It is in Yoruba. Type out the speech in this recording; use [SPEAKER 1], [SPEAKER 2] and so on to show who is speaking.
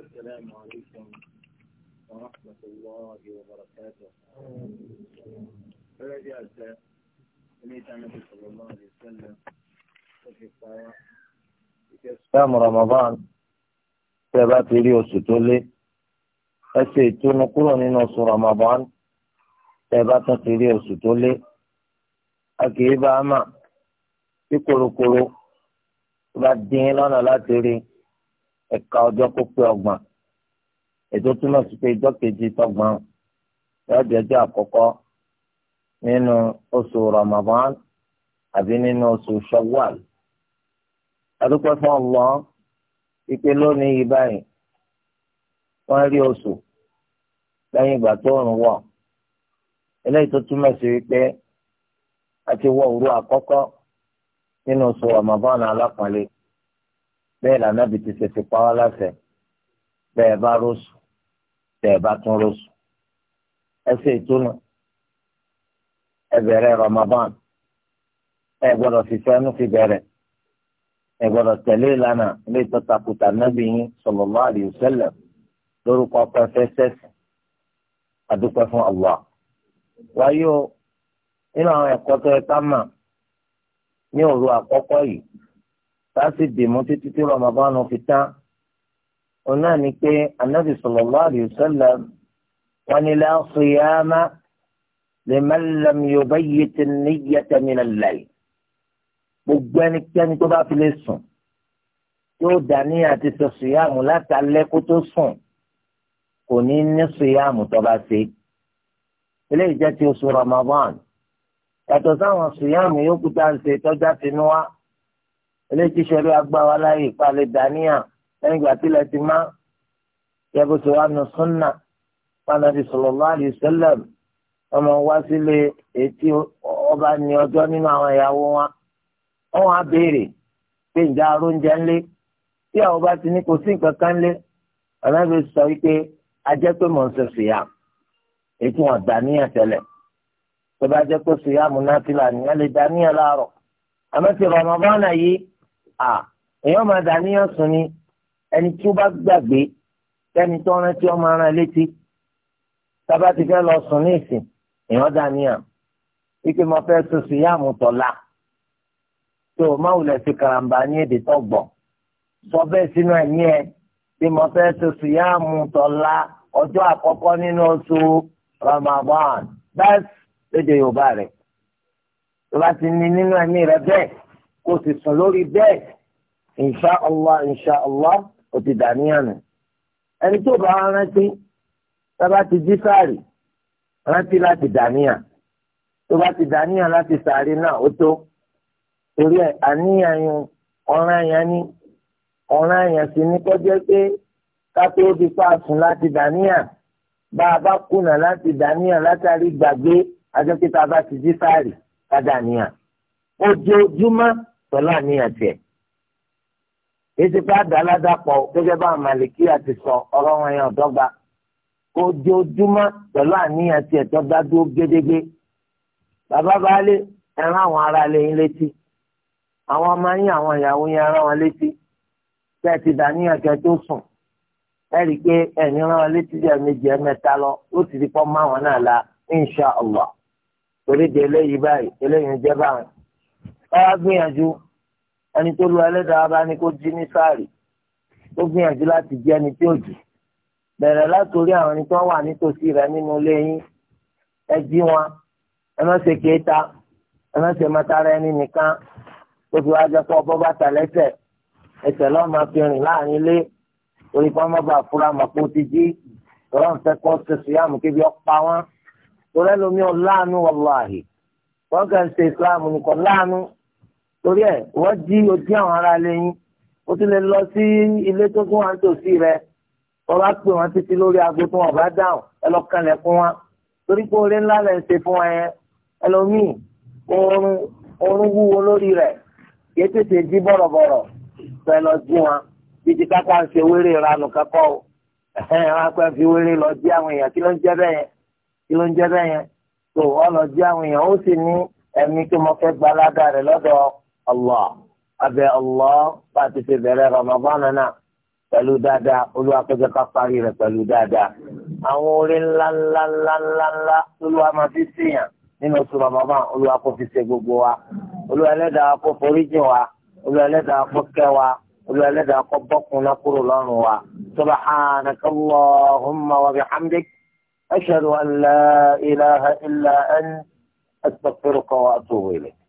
[SPEAKER 1] السلام عليكم ورحمة الله وبركاته فلدي أجزاء سميت النبي صلى الله عليه وسلم في الصلاة Sáàmù Ramadan tí ẹ bá ti rí oṣù tó lé ẹ ṣe ìtúnu kúrò nínú oṣù Ramadan tí ẹ bá tún ti rí oṣù tó lé a kì í bá a mà tí korokoro bá dín lọ́nà láti rí i ẹ̀ka ọjọ́ kó pé ọgbọ̀n ètò túmọ̀ sí pé ìjọ kejì tọgbọ̀n lọ́dọ̀ ọjọ́ àkọ́kọ́ nínú oṣù Ramadan àbí nínú oṣù Shawwal adúpẹ́ fún Allah ìpè lónìí yìí báyìí wọ́n rí oṣù lẹ́yìn ìgbà tó ń wọ̀ eléyìí tó túmọ̀ sí wípé a ti wọ òru àkọ́kọ́ nínú oṣù Ramadan alápọ̀nlé bẹ́ẹ̀ lànà bìí ti ṣe ti pa wá láṣẹ tẹ́ ẹ bá rọ́ọ̀sù tẹ́ ẹ bá tún rọ́ọ̀sù ẹ ṣe ìtúnu ẹ bẹ̀rẹ̀ Ramadan ẹ gbọ́dọ̀ fìfẹ́ nù fi bẹ̀rẹ̀ ẹ gbọ́dọ̀ tẹ̀lé ìlànà ilé ìtọ́takùtà nábì yín sallallahu alaihi lórúkọ pẹ́fẹ́ sẹ́sì fún Allah wáyé o nínú àwọn ẹ̀kọ́ tó ẹ ká mà ní òru àkọ́kọ́ yìí sáàsì dìmú títí tí Ramadan fi tán òun náà ni pé anabi sallallahu alayhi wa sallam wọn ni la siyama liman lam yubayyit an-niyyata min al-layl gbogbo ẹnikẹ́ni tó bá fi lè sùn yóò dání àti sọ sùyàmù látàlẹ́ kó tó sùn kò ní ní sùyàmù tó bá ṣe. eléyìí jẹ́ ti oṣù Ramadan yàtọ̀ sáwọn sùyàmù yòókù tá ṣe tọ́já tinú eléyìí ti ṣẹlẹ̀ agbára láyé ìpalẹ dàníyà lẹ́yìn ìgbà tí ilẹ̀ ti má yẹbù tó wà nù súnà pànàbí sallallahu alaihi wasallam ọmọ wá sílé etí ọba ní ọjọ́ nínú àwọn ìyàwó wa wọn á béèrè pé ǹjẹ́ aró ń jẹ ńlé tí àwọn bá ti ní kò sí nǹkan kan lé ọlọ́bẹ̀ sọ wípé ajẹ́ pé mò ń sọ síyà ètò wọn dàníyà tẹ́lẹ̀ tó bá jẹ́ pé síyà múnáfílà ni wọ́n lè dàníyà láàárọ̀ àmọ́ ti Ramadan yìí à èèyàn máa dà níyàn sùn ni ẹni tí ó bá gbàgbé kẹ́ni tó rántí ọmọ ara létí tábà ti fẹ́ lọ sùn ní ìsìn èèyàn dà níyàn wípé mo fẹ́ sùn sí yàmù tọ̀la tó o máa wulẹ̀ sí karambà ní èdè tó gbọ̀ sọ bẹ́ẹ̀ sínú ẹ̀mí ẹ bí mo fẹ́ sùn sí yàmù tọ̀la ọjọ́ àkọ́kọ́ nínú oṣù Ramadan bẹ́ẹ̀ lédè Yorùbá rẹ̀ tó bá ti ní nínú ẹ̀mí rẹ̀ bẹ́ẹ̀ kó sì sùn lórí bẹ́ẹ̀ insha allah insha allah ó ti dà níyànjú ẹni tó bá rántí tábà ti jí sáàrì rántí láti dàníyàn tó bá ti dàníyàn láti sàárè náà ó tó torí ẹ àníyàn yun ọ̀ràn yẹn ni ọ̀ràn yẹn sì ní kọjá pé kátó di fáàsùn láti dàníyàn bá a bá kùnà láti dàníyàn látàrí gbàgbé àjọpẹ́ta bá ti jí sáàrì ká dàníyàn ojoojúmọ́ pẹ̀lú àníyàn tiẹ̀ èsì pé àdàládàpọ̀ gẹ́gẹ́ bá màlìkí àti sọ ọ̀rọ̀ wọn yẹn ọ̀dọ́gba kò jojúmọ́ pẹ̀lú àníyàn tiẹ̀ tó dá dúró gédégbé bàbá baálé ẹ rán àwọn ará ilé yín létí àwọn ọmọ yín àwọn ìyàwó yín ẹ rán wọn létí kẹ́ ti dàníyàn kẹ́ tó sùn ẹ rí i pé ẹ̀ní rán wọn létí díẹ̀ méjì ẹ mẹ́ta lọ ó ti di pọ́ mọ́ àwọn náà la insha allah torí de eléyìí báyìí eléyìí ń jẹ́ báyìí wá gbìyànjú ẹni tó lu ẹlẹ́dàá bá ní kó jí ní sáàrì tó gbìyànjú láti jẹ́ ẹni tí ò jì bẹ̀rẹ̀ látòrí àwọn ẹni tó wà nítòsí rẹ̀ nínú ilé yín ẹ jí wọn ẹ má ṣe kéta ẹ má ṣe mọ́tara ẹni nìkan tó fi wá jẹ́ pé ọbọ̀ bàtà lẹ́sẹ̀ ẹsẹ̀ lọ́ọ́ máa fi rìn láàrin ilé torí kí wọ́n má bàa fura mọ̀ pé ó ti jí tọ́lá ń fẹ́ kọ́ ṣe kébi ọ̀pá wọn torí ẹlòmíọ̀ láàánú wàláhì wọ́n kàn ṣe ìsìláàmù nìkan láàánú torí ẹ̀ wọ́n jí ojú àwọn ará ilé yín o tún lè lọ sí ilé tó tún wà ń tòsí rẹ wọ́n bá pè wọ́n títí lórí aago tó wọ́n bá dáhùn ẹ lọ kanlẹ̀ fún wọn torí pé oore ńlá lẹ̀ ń ṣe fún wọn yẹn ẹlòmíì oorun oorun wúwo lórí rẹ̀ yé tètè jí bọ̀rọ̀bọ̀rọ̀ fẹ́ lọ jí wọn títí kápá ń ṣe wéré ìranù kankan o ẹ̀hẹ́n ráńpẹ́ fi wéré lọ jí àwọn èèyàn kí ló ń jẹ́ bẹ́ẹ̀ yẹn kí ló ń jẹ́ bẹ́ẹ̀ tó ọ allah abẹ allah bá ti ṣe bẹ̀rẹ̀ ramadan náà pẹ̀lú dáadáa olúwa kọjá ká parí rẹ̀ pẹ̀lú dáadáa àwọn orin ńlá ńlá ńlá ńlá ńlá olúwa máa fi sèyàn nínú oṣù ramadan olúwa kò fi ṣe gbogbo wa olúwa ẹlẹ́dàá kò forí jìn wa olúwa ẹlẹ́dàá kò kẹ́ wa olúwa ẹlẹ́dàá kò bọ́kùn náà kúrò lọ́rùn wa subhanaka allahumma wa bihamdik ashhadu an la ilaha illa anta astaghfiruka wa atubu ilayk.